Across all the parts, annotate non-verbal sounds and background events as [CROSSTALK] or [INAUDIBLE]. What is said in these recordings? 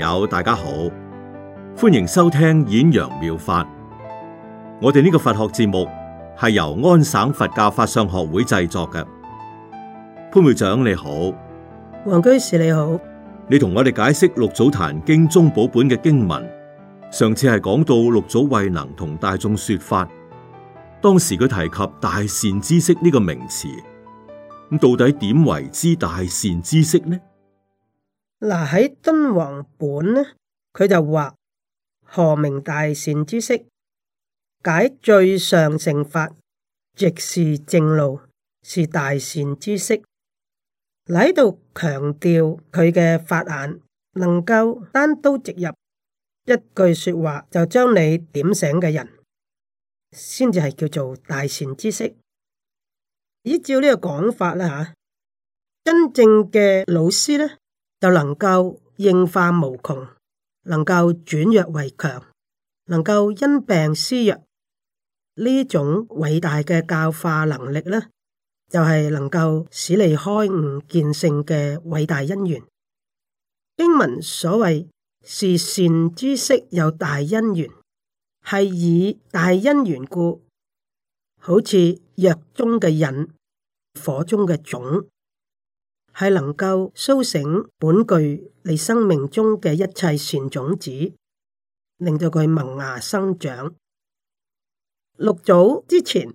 友大家好，歡迎收聽演揚妙,妙法。我哋呢個佛學節目係由安省佛教法相學會製作嘅。潘會長你好，黃居士你好，你同我哋解釋六祖壇經宗寶本嘅經文。上次係講到六祖慧能同大眾說法，當時佢提及大善知識呢個名詞，咁到底點為之大善知識呢？嗱，喺敦煌本呢，佢就話何名大善知識，解最上乘法，直是正路，是大善知識。嗱，喺度強調佢嘅法眼，能夠單刀直入，一句說話就將你點醒嘅人，先至係叫做大善知識。依照呢個講法啦吓、啊，真正嘅老師呢。又能夠應化無窮，能夠轉弱為強，能夠因病施藥，呢種偉大嘅教化能力呢，就係、是、能夠使你開悟見性嘅偉大因緣。經文所謂是善知識有大因緣，係以大因緣故，好似藥中嘅引，火中嘅種。係能夠甦醒本具你生命中嘅一切善種子，令到佢萌芽生長。六祖之前，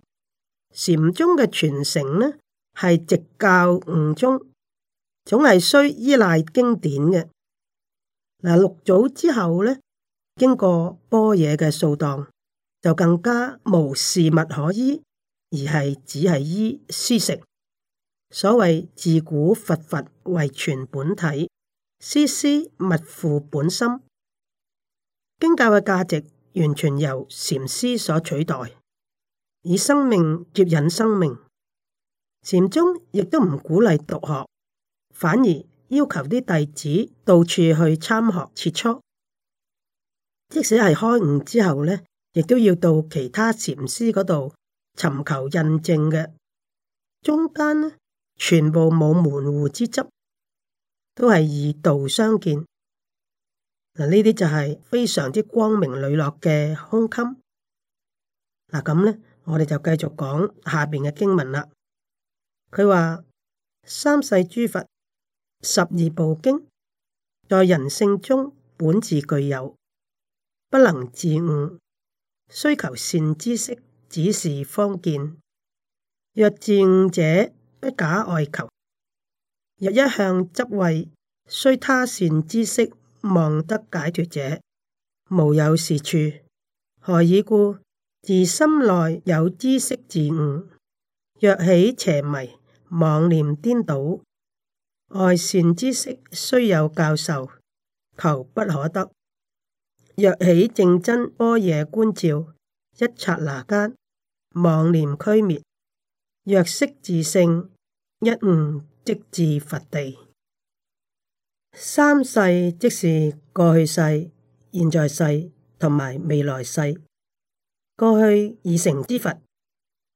禪宗嘅傳承呢，係直教悟宗，總係需依賴經典嘅。嗱，六祖之後呢，經過般若嘅掃蕩，就更加無事物可依，而係只係依書食。所謂自古，佛佛為傳本體，師師密付本心，經教嘅價值完全由禪師所取代，以生命接引生命。禪宗亦都唔鼓勵讀學，反而要求啲弟子到處去參學切磋，即使係開悟之後呢亦都要到其他禪師嗰度尋求印證嘅中間呢。全部冇門戶之執，都係以道相見。嗱，呢啲就係非常之光明磊落嘅胸襟。嗱，咁呢，我哋就繼續講下邊嘅經文啦。佢話三世諸佛十二部經，在人性中本自具有，不能自悟，需求善知識，指示方見。若自悟者。一假外求，若一向執位，須他善知識望得解脱者，無有是處。何以故？自心內有知識自悟。若起邪迷，妄念顛倒，外善知識雖有教授，求不可得。若起正真般，般若觀照，一刹那間，妄念驅滅。若識自性。一悟即至佛地，三世即是過去世、現在世同埋未來世。過去已成之佛，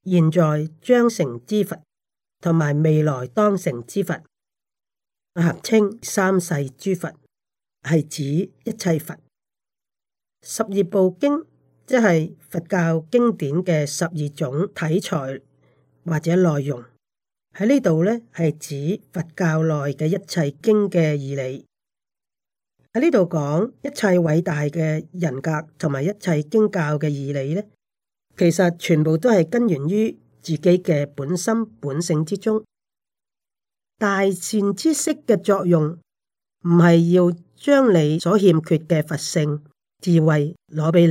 現在將成之佛，同埋未來當成之佛，合稱三世諸佛，係指一切佛。十二部經即係佛教經典嘅十二種體裁或者內容。喺呢度呢係指佛教內嘅一切經嘅義理。喺呢度講，一切偉大嘅人格同埋一切經教嘅義理呢，其實全部都係根源於自己嘅本心、本性之中。大善知識嘅作用唔係要將你所欠缺嘅佛性、智慧攞俾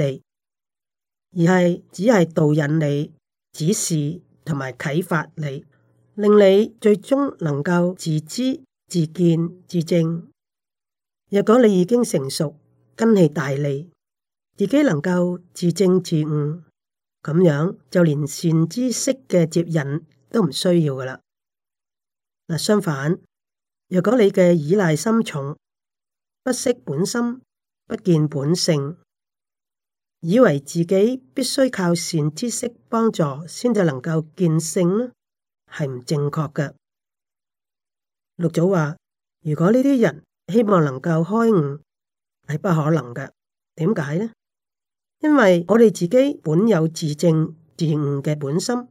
你，而係只係導引你、指示同埋啟發你。令你最終能夠自知、自見、自正。若果你已經成熟，根氣大利，自己能夠自正自悟，咁樣就連善知識嘅接引都唔需要㗎喇。嗱，相反，若果你嘅依賴心重，不識本心，不見本性，以為自己必須靠善知識幫助先至能夠見性呢，係唔正確嘅。六祖話：如果呢啲人希望能夠開悟，係不可能嘅。點解呢？因為我哋自己本有自正自悟嘅本心，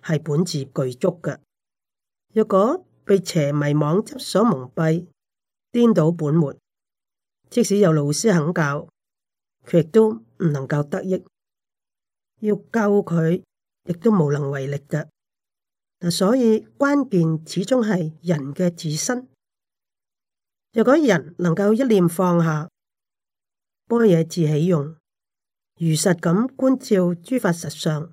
係本自具足嘅。若果被邪迷妄執所蒙蔽，顛倒本末，即使有老師肯教，佢亦都唔能夠得益。要教佢，亦都無能為力嘅。嗱，所以關鍵始終係人嘅自身。若果人能夠一念放下，般若自起用，如實咁觀照諸法實相，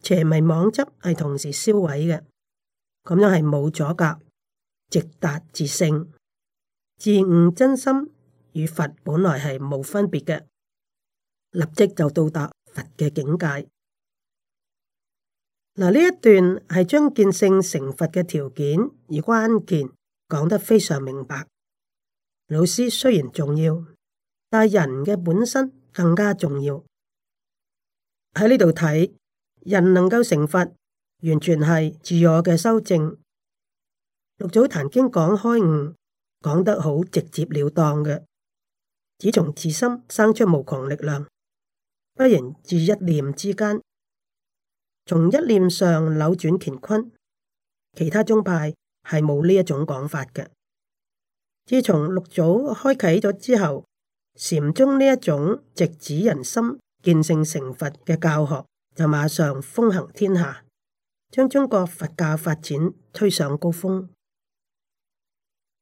邪迷妄執係同時消毀嘅，咁樣係冇阻隔，直達自性。自悟真心與佛本來係冇分別嘅，立即就到達佛嘅境界。嗱，呢一段係將見性成佛嘅條件，而關鍵講得非常明白。老師雖然重要，但人嘅本身更加重要。喺呢度睇，人能夠成佛，完全係自我嘅修正。六祖壇經講開悟，講得好直接了當嘅，只從自心生出無窮力量，不然至一念之間。從一念上扭轉乾坤，其他宗派係冇呢一種講法嘅。自從六祖開啟咗之後，禪宗呢一種直指人心、見性成佛嘅教學就馬上風行天下，將中國佛教發展推上高峰。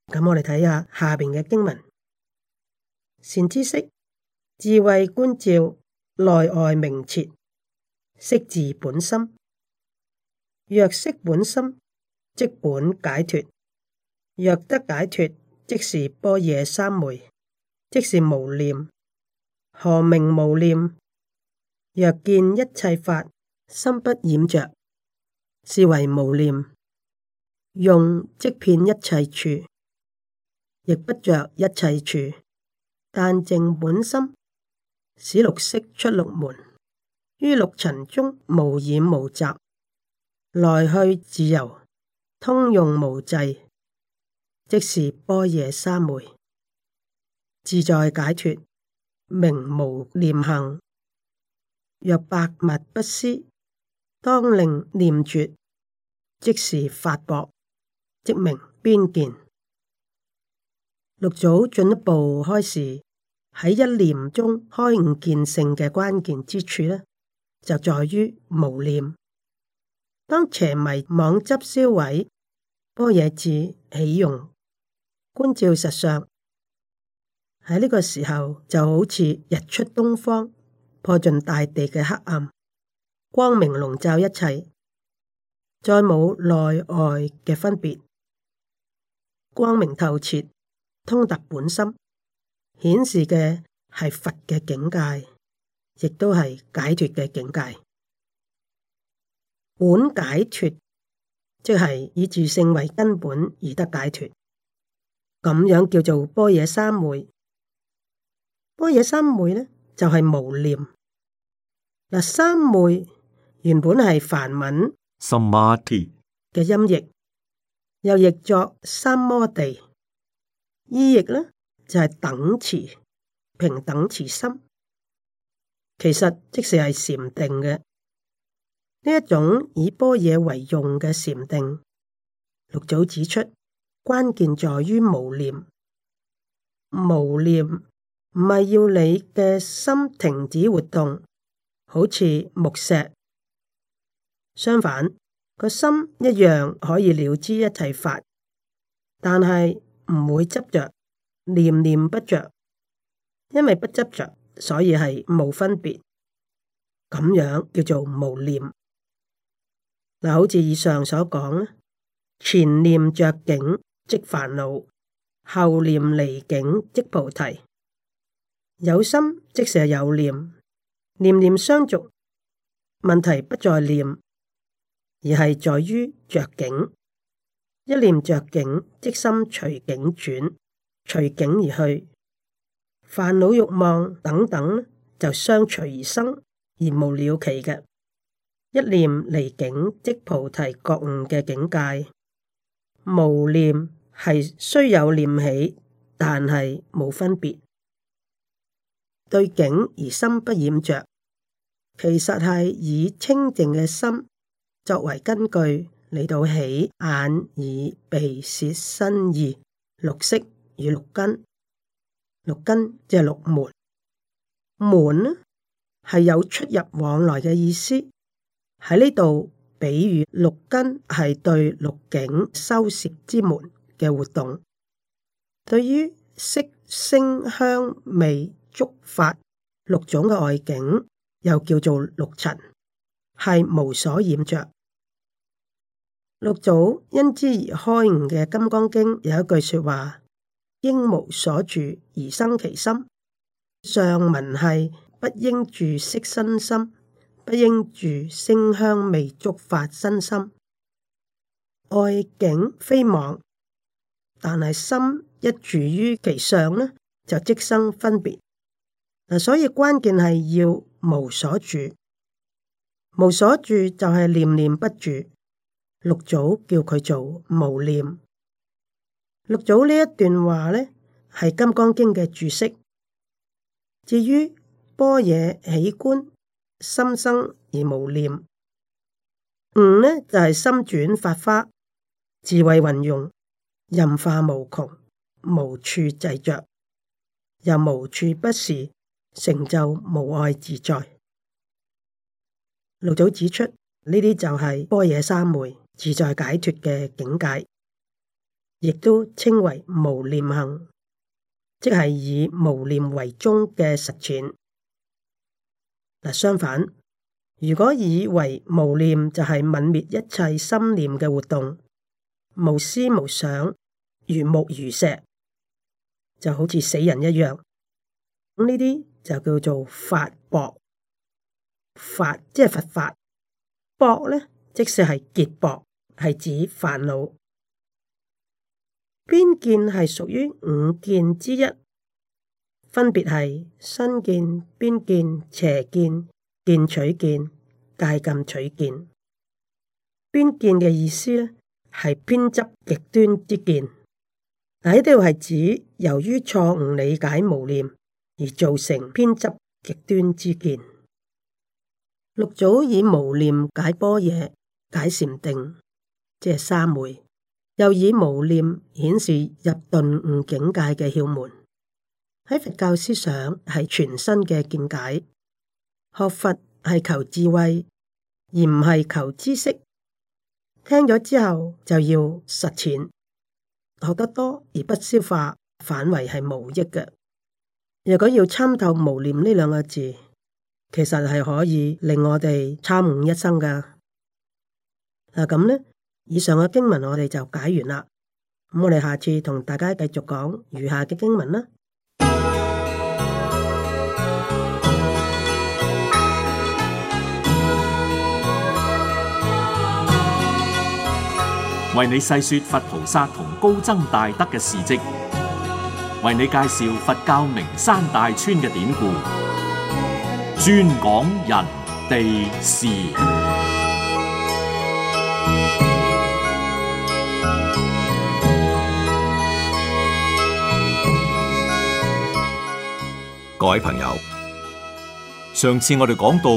咁我哋睇下下邊嘅經文：善知識，智慧觀照，內外明徹。識自本心，若識本心，即本解脫；若得解脫，即是般若三昧，即是無念。何名無念？若見一切法，心不染着，是為無念。用即遍一切處，亦不着一切處，但淨本心，使六識出六門。於六塵中無染無雜，來去自由，通用無滯，即是般若三昧，自在解脫，明無念行。若百物不思，當令念絕，即是法薄，即明邊見。六祖進一步開示喺一念中開悟見性嘅關鍵之處呢？就在於無念，當邪迷妄執消毀，般若智起用，觀照實相。喺呢個時候，就好似日出東方，破盡大地嘅黑暗，光明籠罩一切，再冇內外嘅分別，光明透徹，通達本心，顯示嘅係佛嘅境界。亦都係解脫嘅境界，本解脫即係以自性為根本而得解脫，咁樣叫做般若三昧。般若三昧呢，就係、是、無念。嗱，三昧原本係梵文，Samadhi 嘅音譯，又譯作三摩地。意譯呢，就係、是、等持、平等持心。其實即使係禪定嘅，呢一種以般若為用嘅禪定，六祖指出關鍵在於無念。無念唔係要你嘅心停止活動，好似木石。相反，個心一樣可以了知一切法，但係唔會執着，念念不着，因為不執着。所以係無分別，咁樣叫做無念。嗱，好似以上所講，前念着境即煩惱，後念離境即菩提。有心即是有念，念念相續。問題不在念，而係在於着境。一念着境，即心隨境轉，隨境而去。煩惱、煩惱欲望等等就相隨而生而無了期嘅。一念離境即菩提覺悟嘅境界。無念係雖有念起，但係冇分別，對境而心不染着。其實係以清淨嘅心作為根據嚟，到起眼、耳、鼻、舌、身、意、六識與六根。六根即係六門，門係有出入往來嘅意思。喺呢度，比喻六根係對六境修攝之門嘅活動。對於色聲香味觸法六種嘅外境，又叫做六塵，係無所染著。六祖因之而開悟嘅《金剛經》有一句說話。應無所住而生其心。上文係不應住色身心，不應住聲香味觸法身心。外境非妄，但係心一住於其上呢，就即生分別。嗱，所以關鍵係要無所住。無所住就係念念不住。六祖叫佢做無念。六祖呢一段話呢，係《金剛經》嘅注釋。至於般若起觀心生而無念，悟、嗯、咧就係、是、心轉發花，智慧運用，任化無窮，無處滯着，又無處不是成就無礙自在。六祖指出呢啲就係般若三昧自在解脱嘅境界。亦都稱為無念行，即係以無念為宗嘅實踐。嗱，相反，如果以為無念就係泯滅一切心念嘅活動，無思無想，如木如石，就好似死人一樣。咁呢啲就叫做法薄。法，即係佛法薄咧，即使係結薄，係指煩惱。邊見係屬於五見之一，分別係身見、邊見、邪見、見取見、戒禁取見。邊見嘅意思咧，係偏執極端之見，喺度係指由於錯誤理解無念而造成偏執極端之見。六祖以無念解般若、解禪定，即係三昧。又以無念顯示入頓悟境界嘅竅門，喺佛教思想係全新嘅見解。學佛係求智慧，而唔係求知識。聽咗之後就要實踐，學得多而不消化，反為係無益嘅。如果要參透無念呢兩個字，其實係可以令我哋參悟一生噶。啊咁呢。以上嘅經文我哋就解完啦，咁我哋下次同大家繼續講餘下嘅經文啦。為你細說佛菩薩同高僧大德嘅事跡，為你介紹佛教名山大川嘅典故，專講人地事。各位朋友，上次我哋講到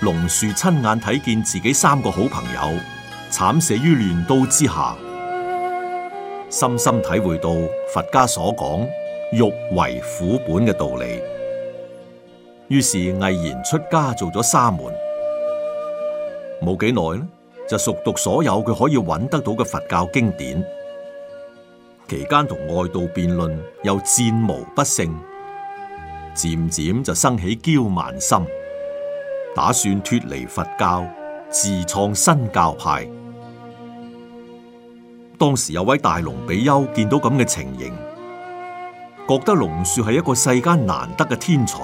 龍樹親眼睇見自己三個好朋友慘死於亂刀之下，深深體會到佛家所講欲為苦本嘅道理，於是毅然出家做咗沙門。冇幾耐呢，就熟讀所有佢可以揾得到嘅佛教經典，期間同外道辯論又戰無不勝。漸漸就生起驕慢心，打算脫離佛教，自創新教派。當時有位大龍比丘見到咁嘅情形，覺得龍樹係一個世間難得嘅天才。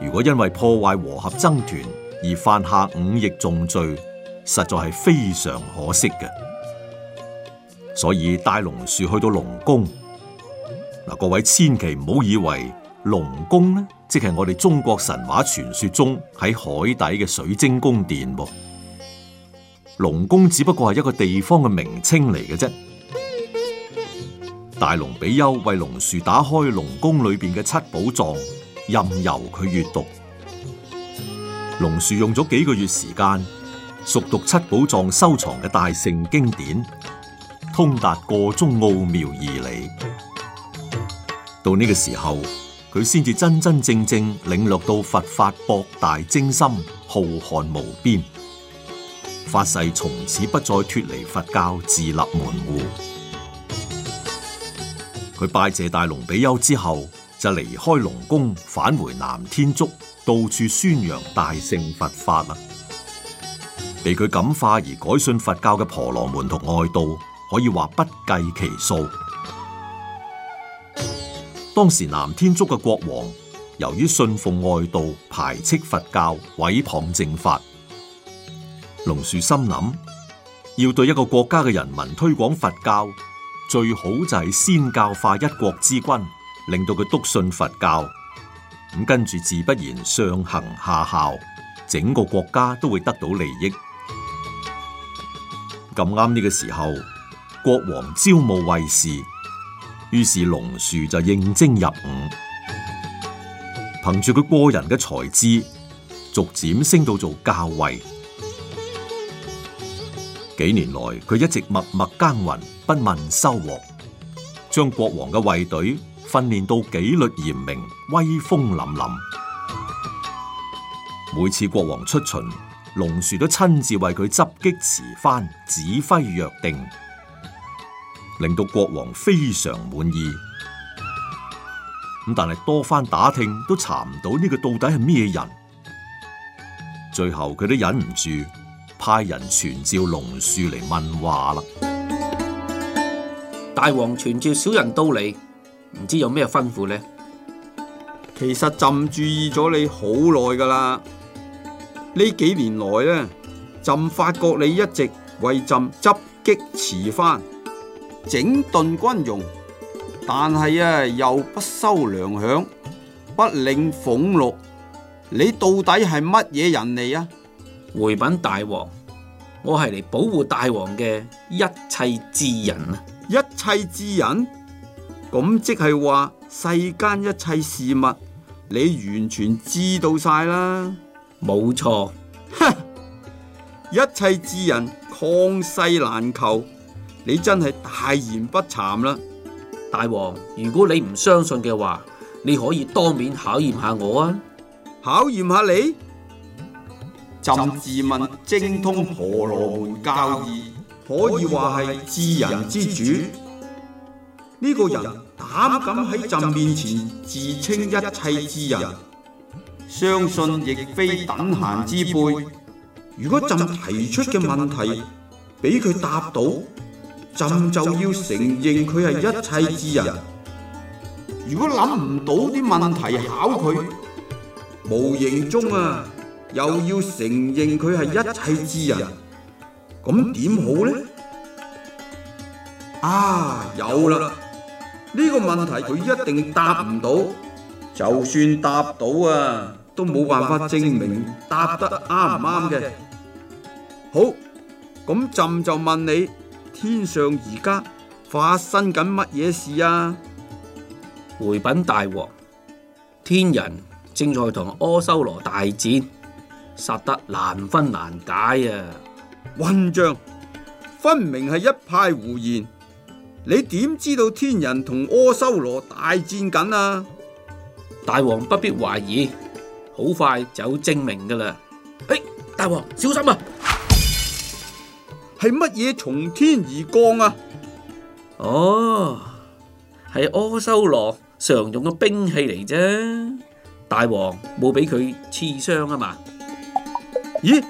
如果因為破壞和合僧團而犯下五逆重罪，實在係非常可惜嘅。所以帶龍樹去到龍宮，嗱，各位千祈唔好以為。龍宮呢，即係我哋中國神話傳說中喺海底嘅水晶宮殿。龍宮只不過係一個地方嘅名稱嚟嘅啫。大龍比丘為龍樹打開龍宮裏邊嘅七寶藏，任由佢閱讀。龍樹用咗幾個月時間，熟讀七寶藏收藏嘅大乘經典，通達個中奧妙義理。到呢個時候。佢先至真真正正領略到佛法博大精深、浩瀚無邊，法世從此不再脫離佛教，自立門戶。佢拜謝大龍比丘之後，就離開龍宮，返回南天竺，到處宣揚大乘佛法啦。被佢感化而改信佛教嘅婆羅門同外道，可以話不計其數。當時南天竺嘅國王，由於信奉外道，排斥佛教，毀謗正法。龍樹心諗，要對一個國家嘅人民推廣佛教，最好就係先教化一國之君，令到佢篤信佛教。咁跟住自不然上行下效，整個國家都會得到利益。咁啱呢個時候，國王招募衛士。於是龍樹就應徵入伍，憑住佢個人嘅才智，逐漸升到做校尉。幾年來，佢一直默默耕耘，不問收穫，將國王嘅衛隊訓練到紀律嚴明、威風凜凜。每次國王出巡，龍樹都親自為佢執戟持幡，指揮若定。令到國王非常滿意，咁但係多番打聽都查唔到呢個到底係咩人，最後佢都忍唔住派人傳召龍樹嚟問話啦。大王傳召小人到嚟，唔知有咩吩咐呢？其實朕注意咗你好耐噶啦，呢幾年來咧，朕發覺你一直為朕執擊遲番。整頓軍容，但係啊又不收糧餉，不領俸祿。你到底係乜嘢人嚟呀、啊？回稟大王，我係嚟保護大王嘅一切智人啊！一切智人，咁即係話世間一切事物，你完全知道晒啦。冇錯錯， [LAUGHS] 一切智人，曠世難求。你真係大言不慚啦，大王！如果你唔相信嘅話，你可以當面考驗下我啊！考驗下你？朕自問精通婆羅門教義，可以話係智人之主。呢個人膽敢喺朕面前自稱一切之人，相信亦非等閒之輩。如果朕提出嘅問題俾佢答到，朕就要承認佢係一切智人，如果諗唔到啲問題考佢，無形中啊又要承認佢係一切智人，咁點好呢？啊，有啦，呢個問題佢一定答唔到，就算答到啊，都冇辦法證明答得啱唔啱嘅。好，咁朕就問你。天上而家發生緊乜嘢事啊？回稟大王，天人正在同阿修羅大戰，殺得難分難解啊！混賬，分明係一派胡言！你點知道天人同阿修羅大戰緊啊？大王不必懷疑，好快就證明噶啦！哎，大王小心啊！係乜嘢從天而降啊？哦，係阿修羅常用嘅兵器嚟啫。大王冇俾佢刺傷啊嘛？咦，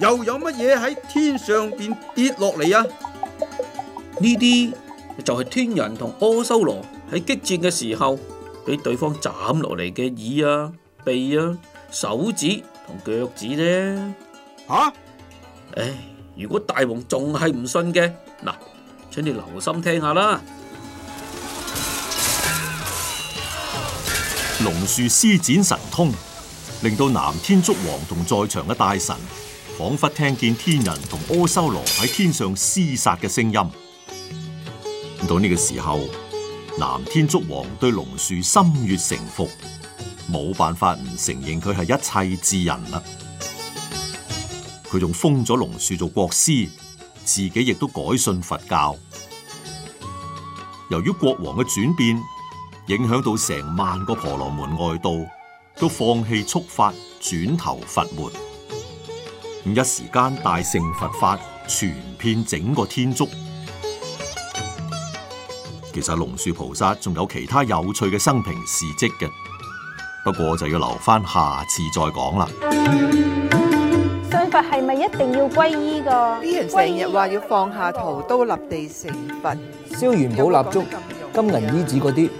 又有乜嘢喺天上邊跌落嚟啊？呢啲就係天人同阿修羅喺激戰嘅時候，俾對方斬落嚟嘅耳啊、鼻啊、手指同腳趾啫、啊。吓、啊，唉、哎。如果大王仲係唔信嘅，嗱，請你留心聽下啦。龍樹施展神通，令到南天竺王同在場嘅大神，仿佛聽見天人同阿修羅喺天上廝殺嘅聲音。到呢個時候，南天竺王對龍樹心悦誠服，冇辦法唔承認佢係一切智人啦。佢仲封咗龍樹做國師，自己亦都改信佛教。由於國王嘅轉變，影響到成萬個婆羅門外道都放棄速法，轉頭佛門。唔一時間大盛佛法，傳遍整個天竺。其實龍樹菩薩仲有其他有趣嘅生平事跡嘅，不過就要留翻下，下次再講啦。係咪一定要皈依噶？啲人成日話要放下屠刀立地成佛，燒元寶蠟燭、金銀衣紙嗰啲，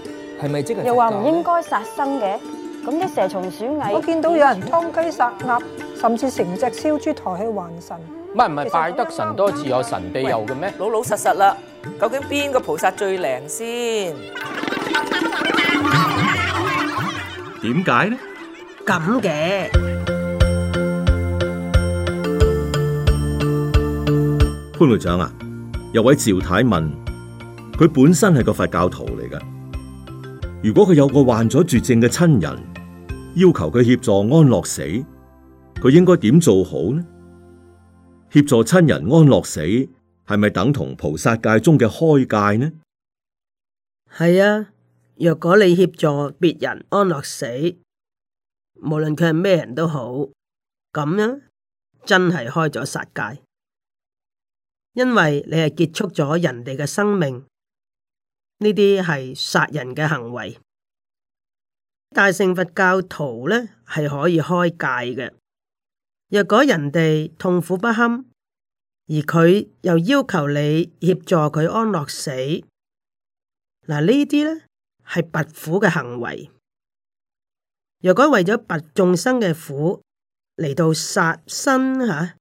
係咪即係？又話唔應該殺生嘅，咁啲蛇蟲鼠蟻，我見到有人劏雞殺鴨，甚至成隻燒豬抬去還神。唔係唔係，拜得神多自有神庇佑嘅咩？老老實實啦，究竟邊個菩薩最靈先？點解呢？咁嘅。潘隊長啊，有位趙太太問，佢本身係個佛教徒嚟㗎。如果佢有個患咗絕症嘅親人，要求佢協助安樂死，佢應該點做好呢？協助親人安樂死係咪等同菩薩戒中嘅開戒呢？係啊，若果你協助別人安樂死，無論佢係咩人都好，咁樣呢真係開咗殺戒。因為你係結束咗人哋嘅生命，呢啲係殺人嘅行為。大乘佛教徒咧係可以開戒嘅。若果人哋痛苦不堪，而佢又要求你協助佢安樂死，嗱呢啲咧係拔苦嘅行為。若果為咗拔眾生嘅苦嚟到殺身吓。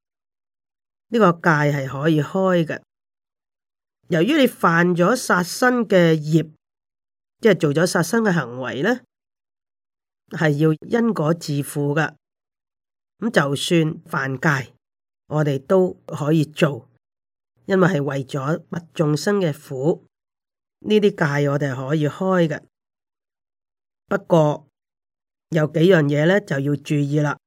呢個戒係可以開嘅，由於你犯咗殺生嘅業，即係做咗殺生嘅行為咧，係要因果自負㗎。咁就算犯戒，我哋都可以做，因為係為咗滅眾生嘅苦，呢啲戒我哋可以開嘅。不過有幾樣嘢咧就要注意啦。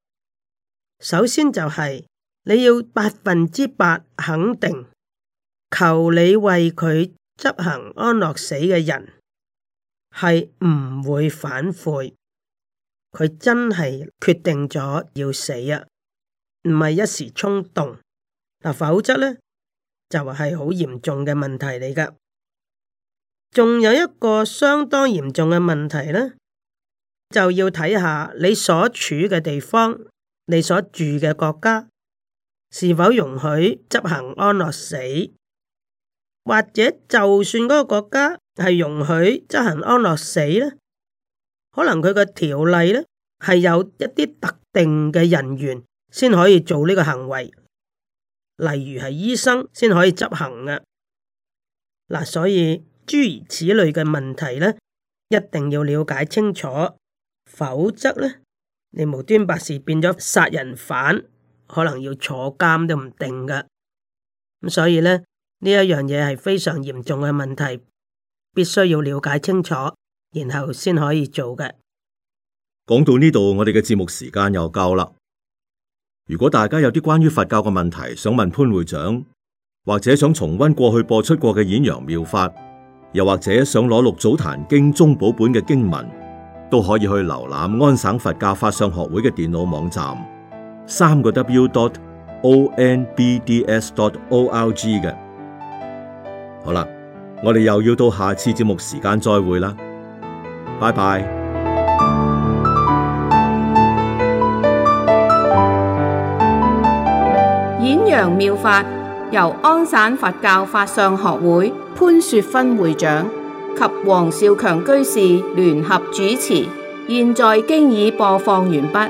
首先就係、是。你要百分之百肯定，求你為佢執行安樂死嘅人係唔會反悔，佢真係決定咗要死啊，唔係一時衝動嗱，否則咧就係好嚴重嘅問題嚟噶。仲有一個相當嚴重嘅問題咧，就要睇下你所處嘅地方，你所住嘅國家，是否容許執行安樂死？或者就算嗰個國家係容許執行安樂死咧，可能佢個條例咧係有一啲特定嘅人員先可以做呢個行為，例如係醫生先可以執行㗎。嗱，所以諸如此類嘅問題咧，一定要了解清楚，否則咧你無端白事變咗殺人犯。可能要坐監都唔定嘅，咁所以咧呢一樣嘢係非常嚴重嘅問題，必須要了解清楚，然後先可以做嘅。講到呢度，我哋嘅節目時間又夠啦。如果大家有啲關於佛教嘅問題想問潘會長，或者想重溫過去播出過嘅演揚妙法，又或者想攞六祖壇經宗寶本嘅經文，都可以去瀏覽安省佛教法相學會嘅電腦網站。三個 W dot O N B D S dot O R G 嘅，好啦，我哋又要到下次節目時間再會啦，拜拜。演揚妙法由安省佛教法相學會潘雪芬會長及黃少強居士聯合主持，現在經已播放完畢。